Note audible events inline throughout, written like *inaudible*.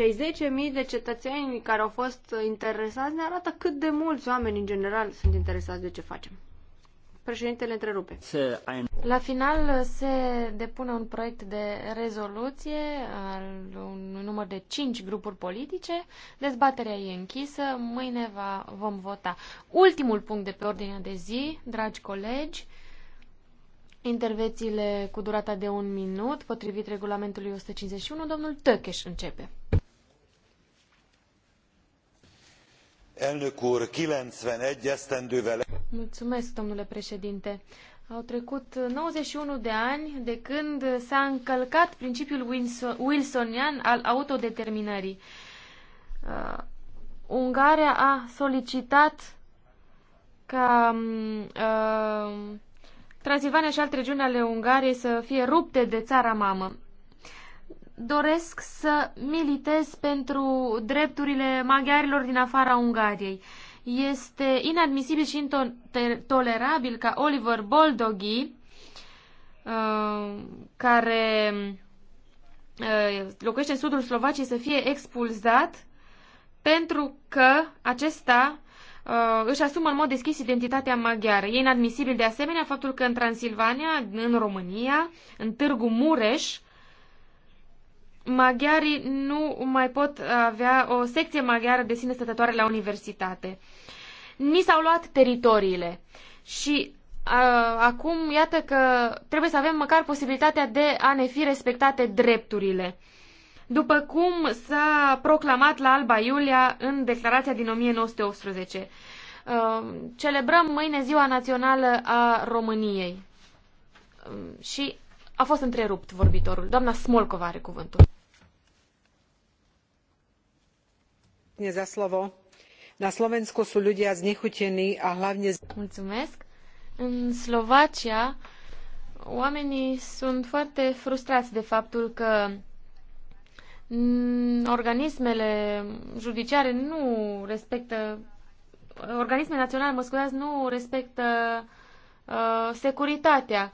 Cei 10.000 de cetățeni care au fost interesați ne arată cât de mulți oameni în general sunt interesați de ce facem. Președintele întrerupe. La final se depune un proiect de rezoluție al un număr de 5 grupuri politice. Dezbaterea e închisă. Mâine va, vom vota. Ultimul punct de pe ordinea de zi, dragi colegi, intervențiile cu durata de un minut, potrivit regulamentului 151, domnul Tăcheș începe. Elnök úr, 91 esztendővel... Mulțumesc, domnule președinte. Au trecut 91 de ani de când s-a încălcat principiul wilsonian al autodeterminării. Uh, Ungaria a solicitat ca mm, uh, Transilvania și alte regiuni ale Ungariei să fie rupte de țara mamă doresc să militez pentru drepturile maghiarilor din afara Ungariei. Este inadmisibil și intolerabil ca Oliver Boldoghi, uh, care uh, locuiește în sudul Slovaciei, să fie expulzat pentru că acesta uh, își asumă în mod deschis identitatea maghiară. E inadmisibil de asemenea faptul că în Transilvania, în România, în Târgu Mureș, maghiarii nu mai pot avea o secție maghiară de sine stătătoare la universitate. Ni s-au luat teritoriile și uh, acum iată că trebuie să avem măcar posibilitatea de a ne fi respectate drepturile. După cum s-a proclamat la Alba Iulia în declarația din 1918. celebrăm mâine Ziua Națională a României. și a fost întrerupt vorbitorul. Doamna Smolcova are cuvântul. na Slovensku sú ľudia znechutení a hlavne... Mulțumesc. În Slovacia, oamenii sunt foarte frustrați de faptul că mm, organismele judiciare nu respectă organismele naționale, mă scuzați, nu respectă uh, securitatea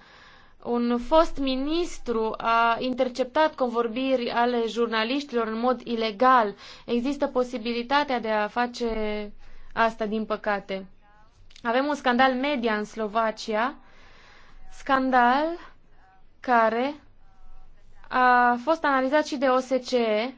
un fost ministru a interceptat convorbiri ale jurnaliștilor în mod ilegal. Există posibilitatea de a face asta, din păcate. Avem un scandal media în Slovacia, scandal care a fost analizat și de OSCE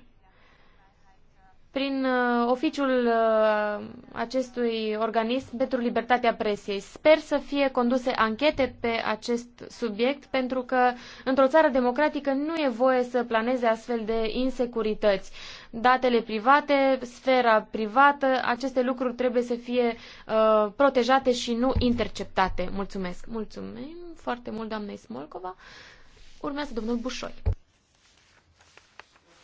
prin uh, oficiul uh, acestui organism pentru libertatea presiei, Sper să fie conduse anchete pe acest subiect, pentru că într-o țară democratică nu e voie să planeze astfel de insecurități. Datele private, sfera privată, aceste lucruri trebuie să fie uh, protejate și nu interceptate. Mulțumesc! Mulțumim foarte mult, doamnei Smolcova. Urmează domnul Bușoi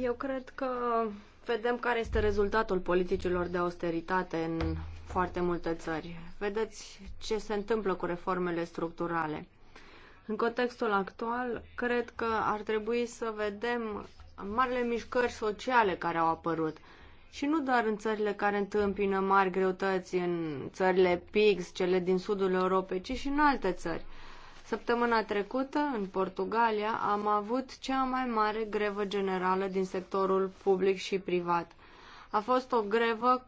Eu cred că vedem care este rezultatul politicilor de austeritate în foarte multe țări. Vedeți ce se întâmplă cu reformele structurale. În contextul actual, cred că ar trebui să vedem marile mișcări sociale care au apărut. Și nu doar în țările care întâmpină mari greutăți, în țările PIGS, cele din sudul Europei, ci și în alte țări. Săptămâna trecută, în Portugalia, am avut cea mai mare grevă generală din sectorul public și privat. A fost o grevă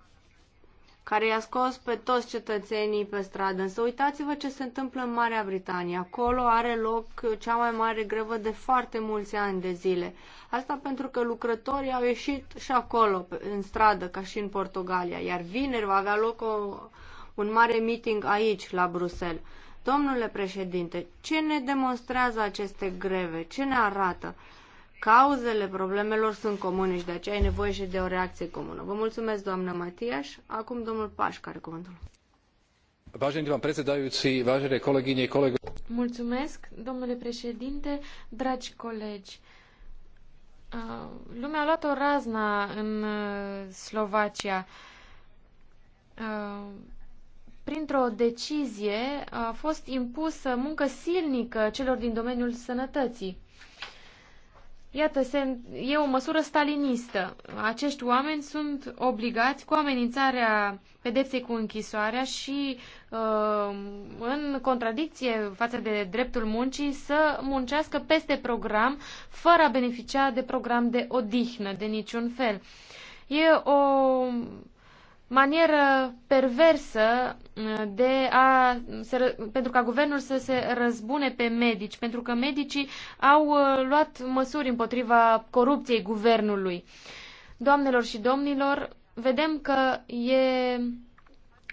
care i-a scos pe toți cetățenii pe stradă. Însă uitați-vă ce se întâmplă în Marea Britanie. Acolo are loc cea mai mare grevă de foarte mulți ani de zile. Asta pentru că lucrătorii au ieșit și acolo, în stradă, ca și în Portugalia. Iar vineri va avea loc o, un mare meeting aici, la Bruxelles. Domnule președinte, ce ne demonstrează aceste greve? Ce ne arată? Cauzele problemelor sunt comune și de aceea ai nevoie și de o reacție comună. Vă mulțumesc, doamnă Matiaș. Acum domnul Paș, care cuvântul. pán predsedajúci, vážené kolegyne, kolego... Mulțumesc, domnule președinte, dragi colegi. Lumea a luat o razna în uh, Slovacia printr-o decizie a fost impusă muncă silnică celor din domeniul sănătății. Iată, se, e o măsură stalinistă. Acești oameni sunt obligați cu amenințarea pedepsei cu închisoarea și uh, în contradicție față de dreptul muncii să muncească peste program fără a beneficia de program de odihnă de niciun fel. E o manieră perversă uh, de a, se, pentru ca guvernul să se răzbune pe medici, pentru că medicii au uh, luat măsuri împotriva corupției guvernului. Doamnelor și domnilor, vedem că e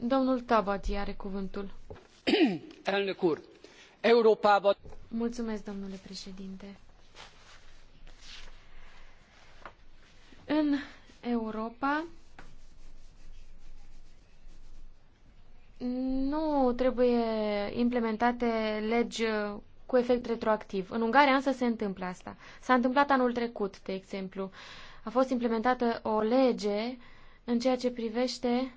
Domnul are cuvântul. *clears throat* Mulțumesc, domnule președinte. În Europa nu trebuie implementate legi cu efect retroactiv. În Ungaria însă se întâmplă asta. S-a întâmplat anul trecut, de exemplu. A fost implementată o lege în ceea ce privește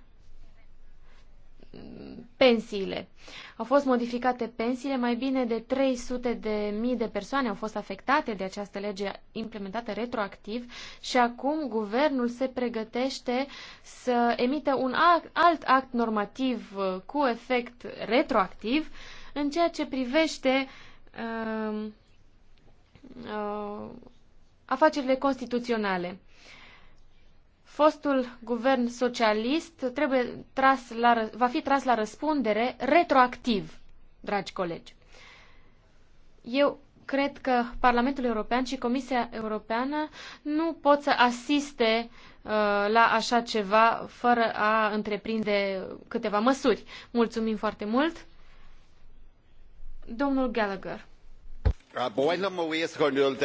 pensiile. Au fost modificate pensiile, mai bine de 300 de mii de persoane au fost afectate de această lege implementată retroactiv și acum guvernul se pregătește să emită un alt act normativ uh, cu efect retroactiv în ceea ce privește uh, uh, afacerile constituționale fostul guvern socialist trebuie tras la, va fi tras la răspundere retroactiv, dragi colegi. Eu cred că Parlamentul European și Comisia Europeană nu pot să asiste uh, la așa ceva fără a întreprinde câteva măsuri. Mulțumim foarte mult. Domnul Gallagher.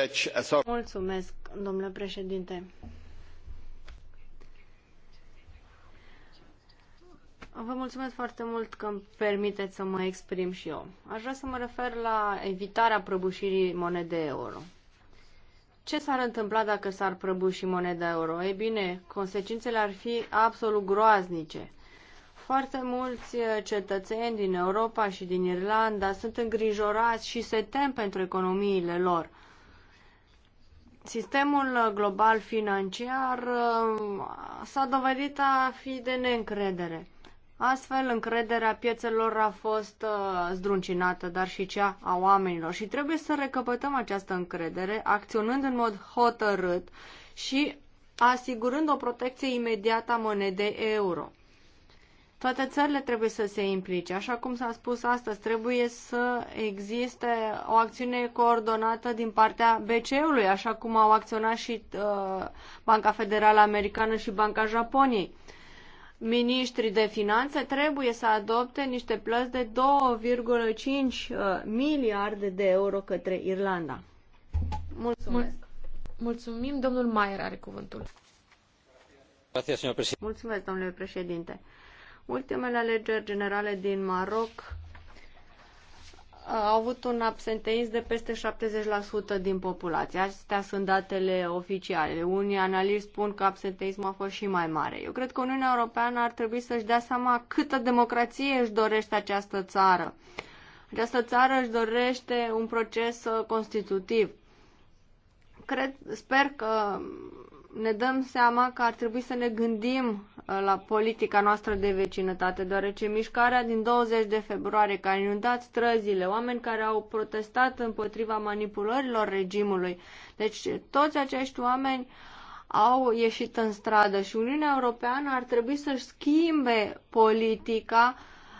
Deci, Mulțumesc, domnule președinte. Vă mulțumesc foarte mult că îmi permiteți să mă exprim și eu. Aș vrea să mă refer la evitarea prăbușirii monedei euro. Ce s-ar întâmpla dacă s-ar prăbuși moneda euro? Ei bine, consecințele ar fi absolut groaznice. Foarte mulți eh, cetățeni din Europa și din Irlanda sunt îngrijorați și se tem pentru economiile lor. Sistemul eh, global financiar eh, s-a dovedit a fi de neîncredere. Astfel, încrederea piețelor a fost uh, zdruncinată, dar și cea a oamenilor. Și trebuie să recăpătăm această încredere, acționând în mod hotărât și asigurând o protecție imediată a monedei euro. Toate țările trebuie să se implice. Așa cum s-a spus astăzi, trebuie să existe o acțiune coordonată din partea BCE-ului, așa cum au acționat și uh, Banca Federală Americană și Banca Japoniei. Ministrii de finanțe trebuie să adopte niște plăți de 2,5 uh, miliarde de euro către Irlanda. Mulțumesc. Mulțumim. Domnul Maier are cuvântul. Mulțumesc, domnule președinte. Ultimele alegeri generale din Maroc au avut un absenteism de peste 70% din populație. Astea sunt datele oficiale. Unii analiști spun că absenteismul a fost și mai mare. Eu cred că Uniunea Europeană ar trebui să-și dea seama câtă democrație își dorește această țară. Această țară își dorește un proces uh, constitutiv. Cred, sper că ne dăm seama că ar trebui să ne gândim uh, la politica noastră de vecinătate, deoarece mișcarea din 20 de februarie, care a inundat străzile, oameni care au protestat împotriva manipulărilor regimului, deci toți acești oameni au ieșit în stradă și Uniunea Europeană ar trebui să-și schimbe politica uh,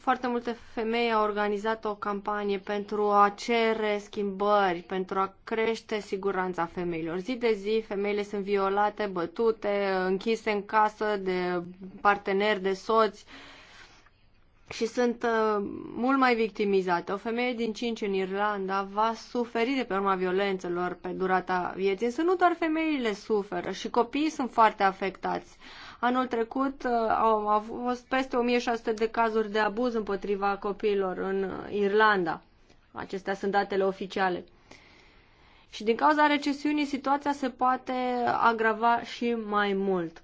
foarte multe femei au organizat o campanie pentru a cere schimbări, pentru a crește siguranța femeilor. Zi de zi, femeile sunt violate, bătute, închise în casă de parteneri, de soți și sunt uh, mult mai victimizate. O femeie din 5 în Irlanda va suferi de pe urma violențelor pe durata vieții, însă nu doar femeile suferă și copiii sunt foarte afectați. Uh, Anul trecut uh, au, fost peste 1600 de cazuri de abuz împotriva copiilor în Irlanda. Acestea sunt datele oficiale. Și din cauza recesiunii, situația se poate agrava și mai mult.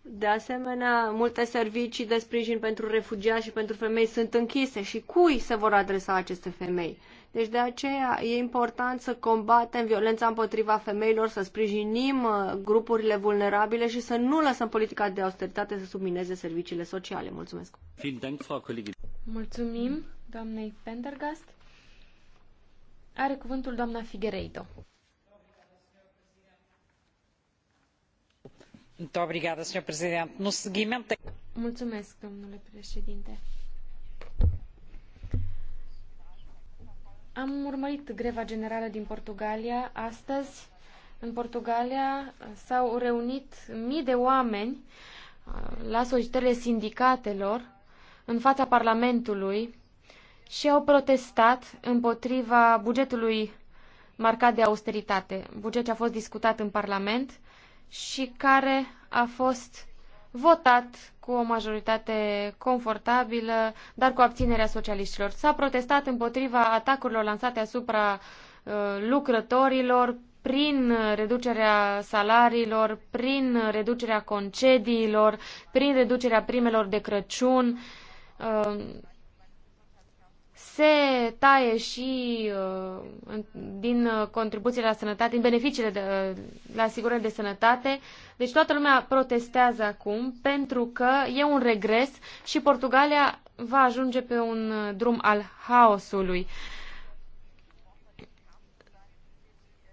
De asemenea, multe servicii de sprijin pentru refugiați și pentru femei sunt închise și cui se vor adresa aceste femei? Deci de aceea e important să combatem violența împotriva femeilor, să sprijinim uh, grupurile vulnerabile și să nu lăsăm politica de austeritate să submineze serviciile sociale. Mulțumesc! Mulțumim doamnei Pendergast. Are cuvântul doamna Figueiredo. Da- Mulțumesc, domnule președinte. Am urmărit greva generală din Portugalia. Astăzi, în Portugalia, s-au reunit mii de oameni uh, la solicitările sindicatelor în fața Parlamentului și au protestat împotriva bugetului marcat de austeritate, buget ce a fost discutat în Parlament și care a fost votat cu o majoritate confortabilă, dar cu abținerea socialiștilor. S-a protestat împotriva atacurilor lansate asupra uh, lucrătorilor prin reducerea salariilor, prin reducerea concediilor, prin reducerea primelor de Crăciun. Uh, se taie și uh, din uh, contribuțiile la sănătate, din beneficiile de, uh, la asigurări de sănătate. Deci toată lumea protestează acum pentru că e un regres și Portugalia va ajunge pe un uh, drum al haosului.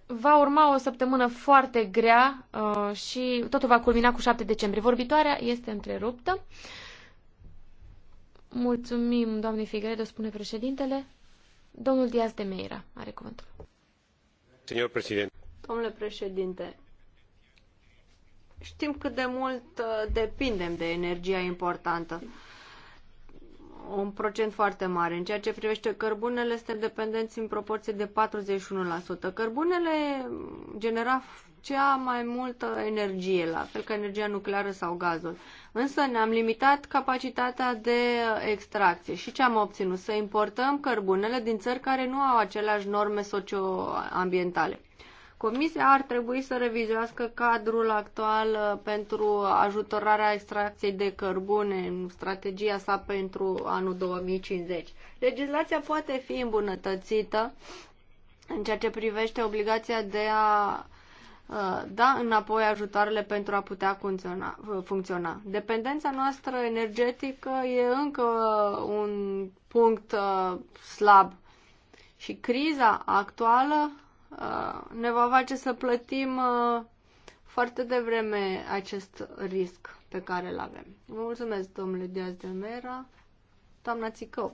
Va urma o săptămână foarte grea uh, și totul va culmina cu 7 decembrie. Vorbitoarea este întreruptă. Uh, Mulțumim, doamne Figueredo, spune președintele. Domnul Diaz de Meira are cuvântul. Domnule președinte, știm cât de mult uh, depindem de energia importantă. Un procent foarte mare. În ceea ce privește cărbunele, suntem dependenți în proporție de 41%. Cărbunele genera cea mai multă energie, la fel ca energia nucleară sau gazul. Însă ne-am limitat capacitatea de extracție. Și ce am obținut? Să importăm cărbunele din țări care nu au aceleași norme socioambientale. Comisia ar trebui să revizuiască cadrul actual uh, pentru ajutorarea extracției de cărbune în strategia sa pentru anul 2050. Legislația poate fi îmbunătățită în ceea ce privește obligația de a Uh, da înapoi ajutoarele pentru a putea funcționa, uh, funcționa. Dependența noastră energetică e încă un punct uh, slab și criza actuală ne va face să plătim foarte devreme acest risc pe care îl avem. Vă mulțumesc, domnule Diaz de Mera, doamna Țicău.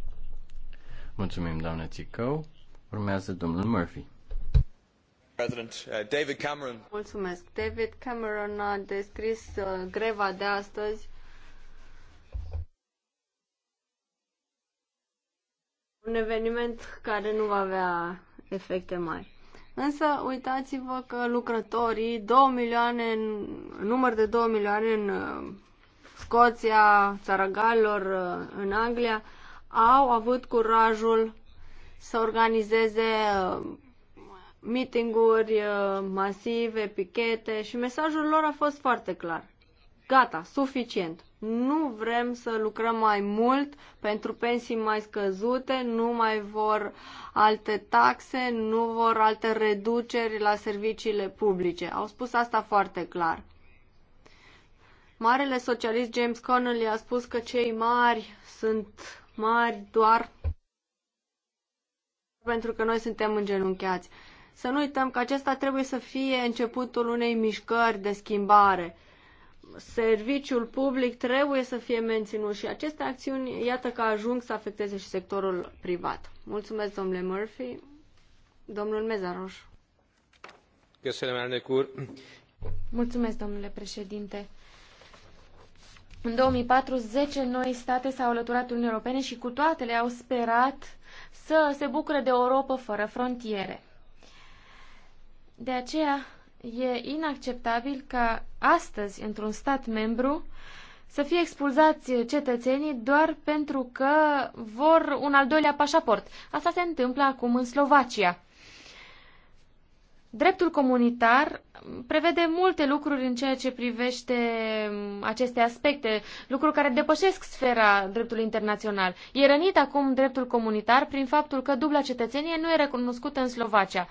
Mulțumim, doamnă Țicău. Urmează domnul Murphy. Uh, David Cameron. Mulțumesc. David Cameron a descris uh, greva de astăzi un eveniment care nu va avea efecte mari. Însă uitați-vă că lucrătorii, 2 milioane, număr de 2 milioane în uh, Scoția, țara Galilor, în Anglia, au avut curajul să organizeze uh, meetinguri uh, masive, pichete și mesajul lor a fost foarte clar. Gata, suficient. Nu vrem să lucrăm mai mult pentru pensii mai scăzute, nu mai vor alte taxe, nu vor alte reduceri la serviciile publice. Au spus asta foarte clar. Marele socialist James Connolly a spus că cei mari sunt mari doar pentru că noi suntem îngenunchiați. Să nu uităm că acesta trebuie să fie începutul unei mișcări de schimbare. Serviciul public trebuie să fie menținut și aceste acțiuni, iată că ajung să afecteze și sectorul privat. Mulțumesc, domnule Murphy. Domnul Mezaroș. Mulțumesc, domnule președinte. În 2004, 10 noi state s-au alăturat Uniunii Europene și cu toate le-au sperat să se bucure de o Europă fără frontiere. De aceea e inacceptabil ca astăzi, într-un stat membru, să fie expulzați cetățenii doar pentru că vor un al doilea pașaport. Asta se întâmplă acum în Slovacia. Dreptul comunitar prevede multe lucruri în ceea ce privește mm, aceste aspecte, lucruri care depășesc sfera dreptului internațional. E rănit acum dreptul comunitar prin faptul că dubla cetățenie nu e recunoscută în Slovacia.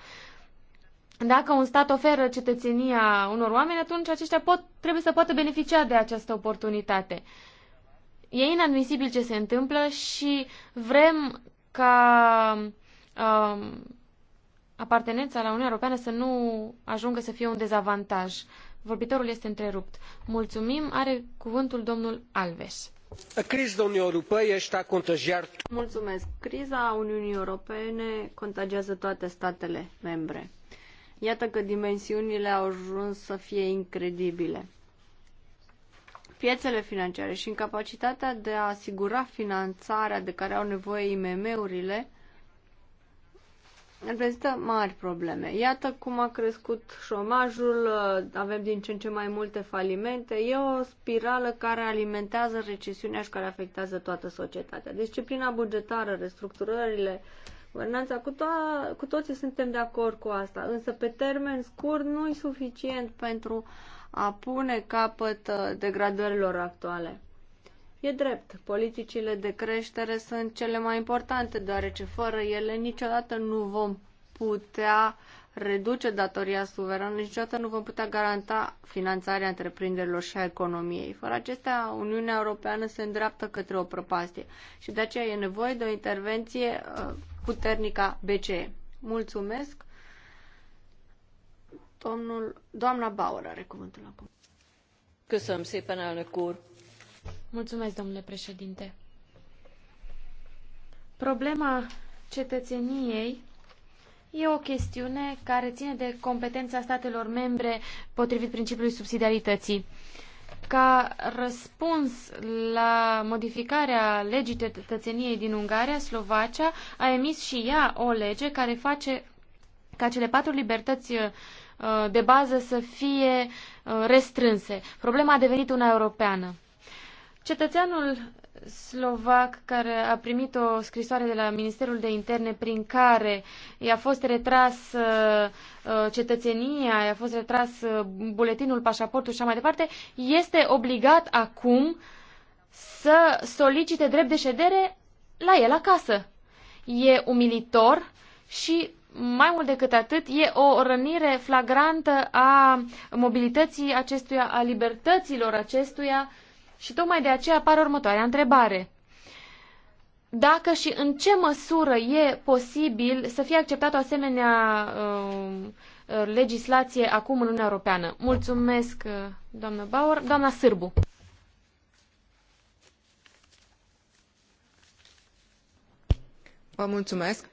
Dacă un stat oferă cetățenia unor oameni, atunci aceștia pot, trebuie să poată beneficia de această oportunitate. E inadmisibil ce se întâmplă și vrem ca Uh, apartenența la Uniunea Europeană să nu ajungă să fie un dezavantaj. Vorbitorul este întrerupt. Mulțumim. Are cuvântul domnul Alves. Criza Uniunii Europene este contagiar. Mulțumesc. Criza Uniunii Europene contagiază toate statele membre. Iată că dimensiunile au ajuns să fie incredibile. Piețele financiare și incapacitatea de a asigura finanțarea de care au nevoie IMM-urile reprezintă mari probleme. Iată cum a crescut șomajul, avem din ce în ce mai multe falimente. E o spirală care alimentează recesiunea și care afectează toată societatea. Disciplina bugetară, restructurările, guvernanța, cu, to- cu toții suntem de acord cu asta, însă pe termen scurt nu e suficient pentru a pune capăt uh, degradărilor actuale. E drept, politicile de creștere sunt cele mai importante, deoarece fără ele niciodată nu vom putea reduce datoria suverană, niciodată nu vom putea garanta finanțarea întreprinderilor și a economiei. Fără acestea, Uniunea Europeană se îndreaptă către o prăpastie și de aceea e nevoie de o intervenție uh, puternică a BCE. Mulțumesc! Domnul, doamna Bauer are cuvântul acum. Köszönöm szépen, elnök úr! Mulțumesc, domnule președinte. Problema cetățeniei e o chestiune care ține de competența statelor membre potrivit principiului subsidiarității. Ca răspuns la modificarea legii cetățeniei din Ungaria, Slovacia a emis și ea o lege care face ca cele patru libertăți uh, de bază să fie uh, restrânse. Problema a devenit una europeană. Cetățeanul slovac care a primit o scrisoare de la Ministerul de Interne prin care i-a fost retras uh, uh, cetățenia, i-a fost retras uh, buletinul, pașaportul și așa mai departe, este obligat acum să solicite drept de ședere la el acasă. E umilitor și mai mult decât atât, e o rănire flagrantă a mobilității acestuia, a libertăților acestuia și tocmai de aceea apare următoarea întrebare. Dacă și în ce măsură e posibil să fie acceptată o asemenea uh, legislație acum în Uniunea Europeană? Mulțumesc, uh, doamnă Bauer. Doamna Sârbu. Vă mulțumesc.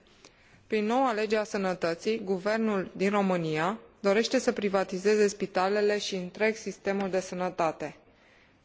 Prin noua lege a sănătății, guvernul din România dorește să privatizeze spitalele și întreg sistemul de sănătate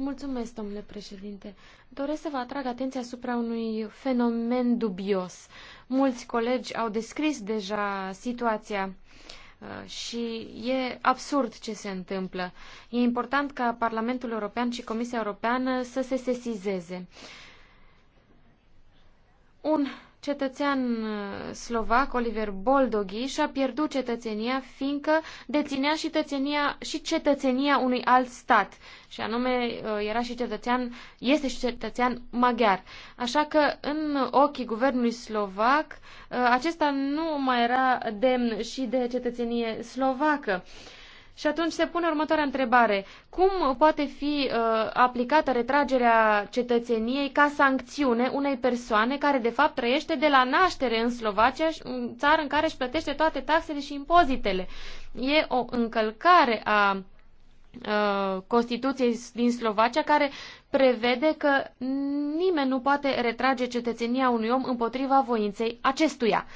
Mulțumesc, domnule președinte. Doresc să vă atrag atenția asupra unui fenomen dubios. Mulți colegi au descris deja situația uh, și e absurd ce se întâmplă. E important ca Parlamentul European și Comisia Europeană să se sesizeze. Un cetățean uh, slovac, Oliver Boldoghi, și-a pierdut cetățenia fiindcă deținea și, tățenia, și cetățenia unui alt stat. Și anume uh, era și cetățean, este și cetățean maghiar. Așa că în ochii guvernului slovac, uh, acesta nu mai era demn și de cetățenie slovacă. Și atunci se pune următoarea întrebare. Cum poate fi uh, aplicată retragerea cetățeniei ca sancțiune unei persoane care de fapt trăiește de la naștere în Slovacia, în țară în care își plătește toate taxele și impozitele? E o încălcare a uh, Constituției din Slovacia care prevede că nimeni nu poate retrage cetățenia unui om împotriva voinței acestuia.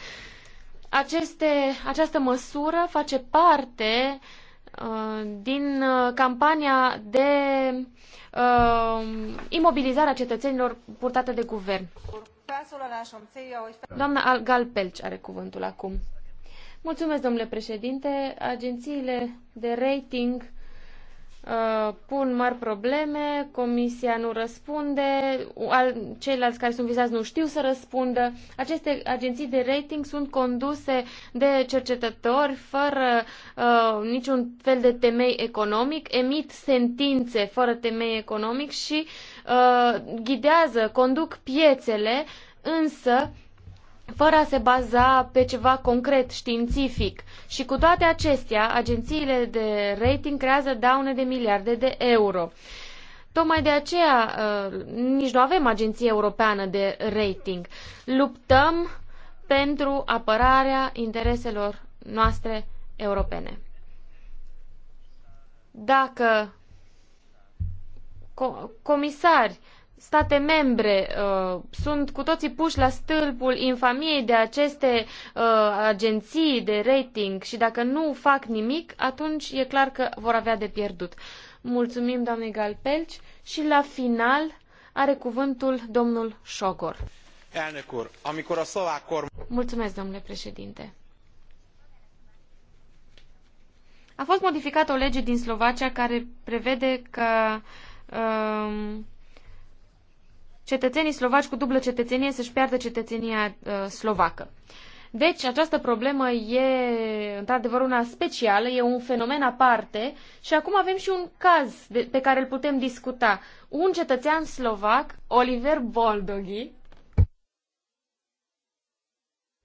Aceste, această măsură face parte uh, Uh, din uh, campania de uh, imobilizare a cetățenilor purtată de guvern. Doamna Algal Pelci are cuvântul acum. Mulțumesc, domnule președinte. Agențiile de rating Uh, pun mari probleme, comisia nu răspunde, ceilalți care sunt vizați nu știu să răspundă. Aceste agenții de rating sunt conduse de cercetători fără uh, niciun fel de temei economic, emit sentințe fără temei economic și uh, ghidează, conduc piețele, însă fără a se baza pe ceva concret, științific. Și cu toate acestea, agențiile de rating creează daune de miliarde de euro. Tocmai de aceea uh, nici nu avem agenție europeană de rating. Luptăm pentru apărarea intereselor noastre europene. Dacă comisari state membre uh, sunt cu toții puși la stâlpul infamiei de aceste uh, agenții de rating și dacă nu fac nimic, atunci e clar că vor avea de pierdut. Mulțumim, doamne Galpelci, și la final are cuvântul domnul Șogor. Mulțumesc, domnule președinte. A fost modificată o lege din Slovacia care prevede că uh, cetățenii slovaci cu dublă cetățenie să-și piardă cetățenia uh, slovacă. Deci, această problemă e, într-adevăr, una specială, e un fenomen aparte și acum avem și un caz de, pe care îl putem discuta. Un cetățean slovac, Oliver Boldoghi,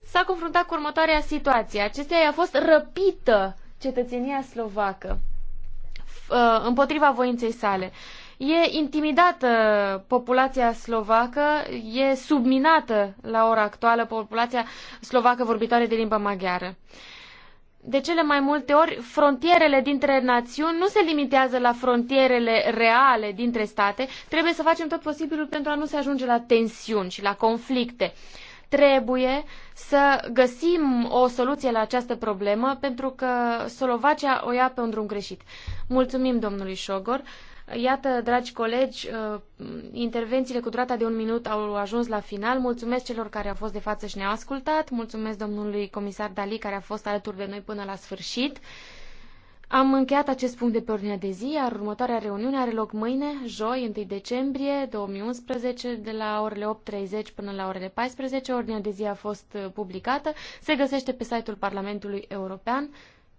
s-a confruntat cu următoarea situație. Acestea i-a fost răpită cetățenia slovacă uh, împotriva voinței sale. E intimidată populația slovacă, e subminată la ora actuală populația slovacă vorbitoare de limba maghiară. De cele mai multe ori, frontierele dintre națiuni nu se limitează la frontierele reale dintre state. Trebuie să facem tot posibilul pentru a nu se ajunge la tensiuni și la conflicte trebuie să găsim o soluție la această problemă, pentru că Slovacia o ia pe un drum greșit. Mulțumim domnului Șogor. Iată, dragi colegi, uh, intervențiile cu durata de un minut au ajuns la final. Mulțumesc celor care au fost de față și ne-au ascultat. Mulțumesc domnului comisar Dali care a fost alături de noi până la sfârșit. Am încheiat acest punct de pe ordinea de zi, iar următoarea reuniune are loc mâine, joi, 1 decembrie 2011, de la orele 8.30 până la orele 14. Ordinea de zi a fost publicată, se găsește pe site-ul Parlamentului European.